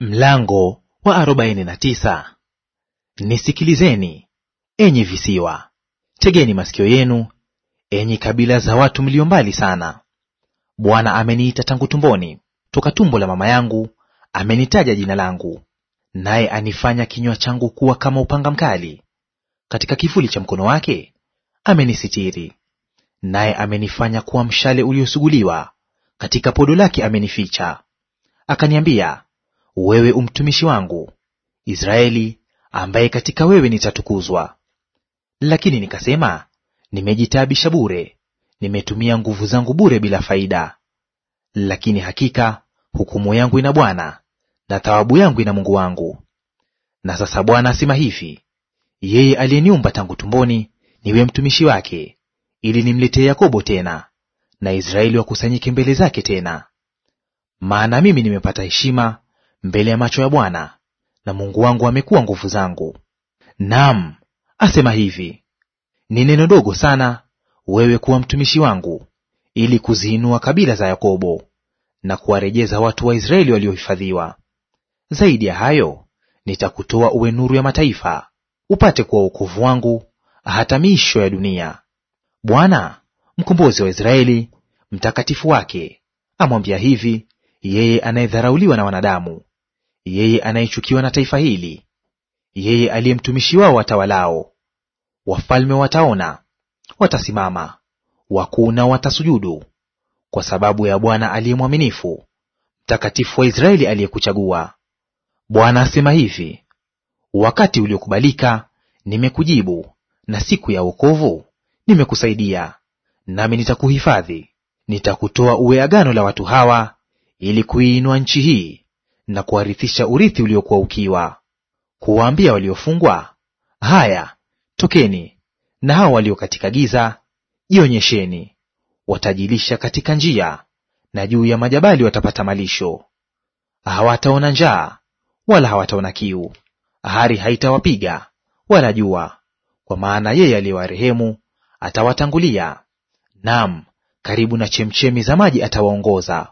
Mlango wa arobaini na tisa. Nisikilizeni enyi visiwa, tegeni masikio yenu, enyi kabila za watu mlio mbali sana. Bwana ameniita tangu tumboni, toka tumbo la mama yangu amenitaja jina langu, naye anifanya kinywa changu kuwa kama upanga mkali, katika kivuli cha mkono wake amenisitiri. Naye amenifanya kuwa mshale uliosuguliwa, katika podo lake amenificha. Akaniambia, wewe umtumishi wangu Israeli, ambaye katika wewe nitatukuzwa. Lakini nikasema, nimejitaabisha bure, nimetumia nguvu zangu bure bila faida. Lakini hakika hukumu yangu ina Bwana na thawabu yangu ina Mungu wangu. Na sasa Bwana asema hivi, yeye aliyeniumba tangu tumboni niwe mtumishi wake, ili nimletee Yakobo tena na Israeli wakusanyike mbele zake tena. Maana mimi nimepata heshima mbele ya macho ya Bwana, na Mungu wangu amekuwa nguvu zangu. Naam, asema hivi, ni neno dogo sana wewe kuwa mtumishi wangu, ili kuziinua kabila za Yakobo na kuwarejeza watu wa Israeli waliohifadhiwa. Zaidi ya hayo, nitakutoa uwe nuru ya mataifa, upate kuwa wokovu wangu hata miisho ya dunia. Bwana mkombozi wa Israeli, mtakatifu wake amwambia hivi yeye anayedharauliwa na wanadamu, yeye anayechukiwa na taifa hili, yeye aliye mtumishi wao watawalao. Wafalme wataona, watasimama, wakuu nao watasujudu, kwa sababu ya Bwana aliye mwaminifu, mtakatifu wa Israeli aliyekuchagua. Bwana asema hivi: wakati uliokubalika nimekujibu, na siku ya wokovu nimekusaidia, nami nitakuhifadhi. Nitakutoa uwe agano la watu hawa, ili kuiinua nchi hii na kuwarithisha urithi uliokuwa ukiwa, kuwaambia waliofungwa, haya tokeni, na hao walio katika giza jionyesheni. Watajilisha katika njia, na juu ya majabali watapata malisho. Hawataona njaa wala hawataona kiu, hari haitawapiga wala jua, kwa maana yeye aliyewarehemu atawatangulia; naam, karibu na chemchemi za maji atawaongoza.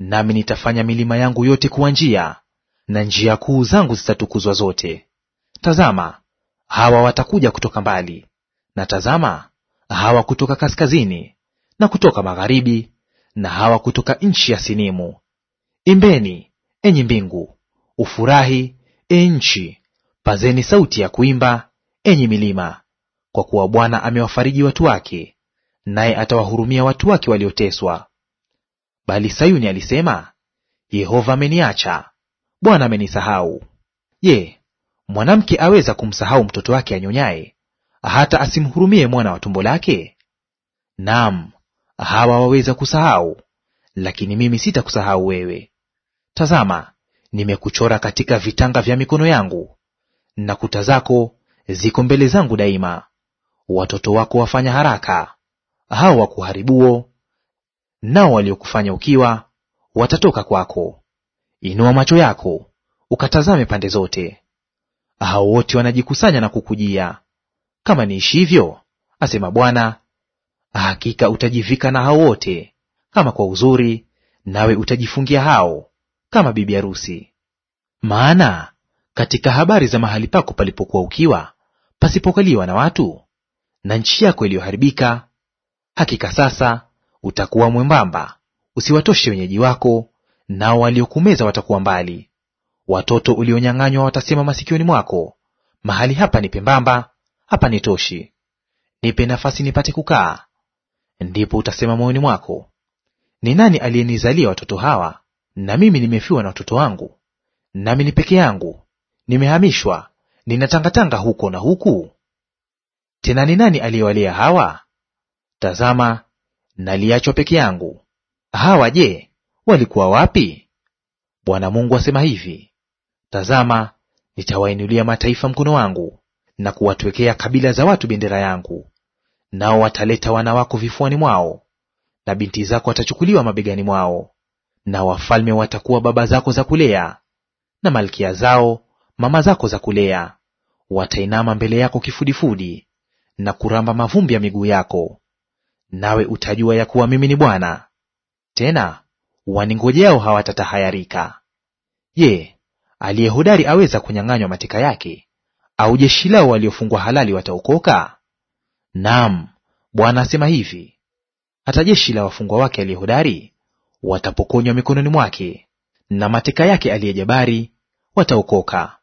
Nami nitafanya milima yangu yote kuwa njia, na njia kuu zangu zitatukuzwa zote. Tazama, hawa watakuja kutoka mbali, na tazama, hawa kutoka kaskazini na kutoka magharibi, na hawa kutoka nchi ya Sinimu. Imbeni, enyi mbingu, ufurahi, e nchi; pazeni sauti ya kuimba, enyi milima, kwa kuwa Bwana amewafariji watu wake, naye atawahurumia watu wake walioteswa. Bali Sayuni alisema, Yehova ameniacha, Bwana amenisahau. Je, mwanamke aweza kumsahau mtoto wake anyonyaye, hata asimhurumie mwana wa tumbo lake? Naam, hawa waweza kusahau, lakini mimi sitakusahau wewe. Tazama, nimekuchora katika vitanga vya mikono yangu, na kuta zako ziko mbele zangu daima. Watoto wako wafanya haraka, hao wakuharibuo nao waliokufanya ukiwa watatoka kwako. Inua macho yako ukatazame pande zote, hao wote wanajikusanya na kukujia. Kama niishivyo, asema Bwana, hakika utajivika na hao wote kama kwa uzuri, nawe utajifungia hao kama bibi harusi. Maana katika habari za mahali pako palipokuwa ukiwa, pasipokaliwa na watu, na nchi yako iliyoharibika, hakika sasa Utakuwa mwembamba usiwatoshe wenyeji wako, nao waliokumeza watakuwa mbali. Watoto ulionyang'anywa watasema masikioni mwako, mahali hapa ni pembamba, hapa nitoshi. Nipe nafasi nipate kukaa. Ndipo utasema moyoni mwako, ni nani aliyenizalia watoto hawa, na mimi nimefiwa na watoto wangu, nami ni peke yangu, nimehamishwa, ninatangatanga huko na huku? Tena ni nani aliyewalea hawa? Tazama, naliachwa peke yangu. Hawa je, walikuwa wapi? Bwana Mungu asema hivi, tazama, nitawainulia mataifa mkono wangu na kuwatwekea kabila za watu bendera yangu, nao wataleta wana wako vifuani mwao na binti zako watachukuliwa mabegani mwao, na wafalme watakuwa baba zako za kulea, na malkia zao mama zako za kulea. Watainama mbele yako kifudifudi na kuramba mavumbi ya miguu yako nawe utajua ya kuwa mimi ni Bwana. Tena waningojeao hawatatahayarika. Je, aliye hodari aweza kunyang'anywa mateka yake? Au jeshi lao waliofungwa halali wataokoka? Naam, Bwana asema hivi, hata jeshi la wafungwa wake aliye hodari watapokonywa mikononi mwake, na mateka yake aliye jabari wataokoka.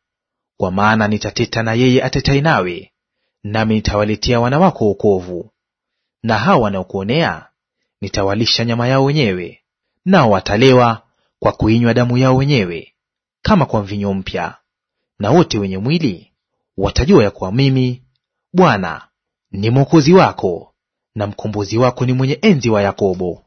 Kwa maana nitateta na yeye atetai nawe, nami nitawaletea wana wako wokovu na hawa wanaokuonea nitawalisha nyama yao wenyewe, nao watalewa kwa kuinywa damu yao wenyewe kama kwa mvinyo mpya. Na wote wenye mwili watajua ya kuwa mimi Bwana ni Mwokozi wako na mkombozi wako, ni mwenye enzi wa Yakobo.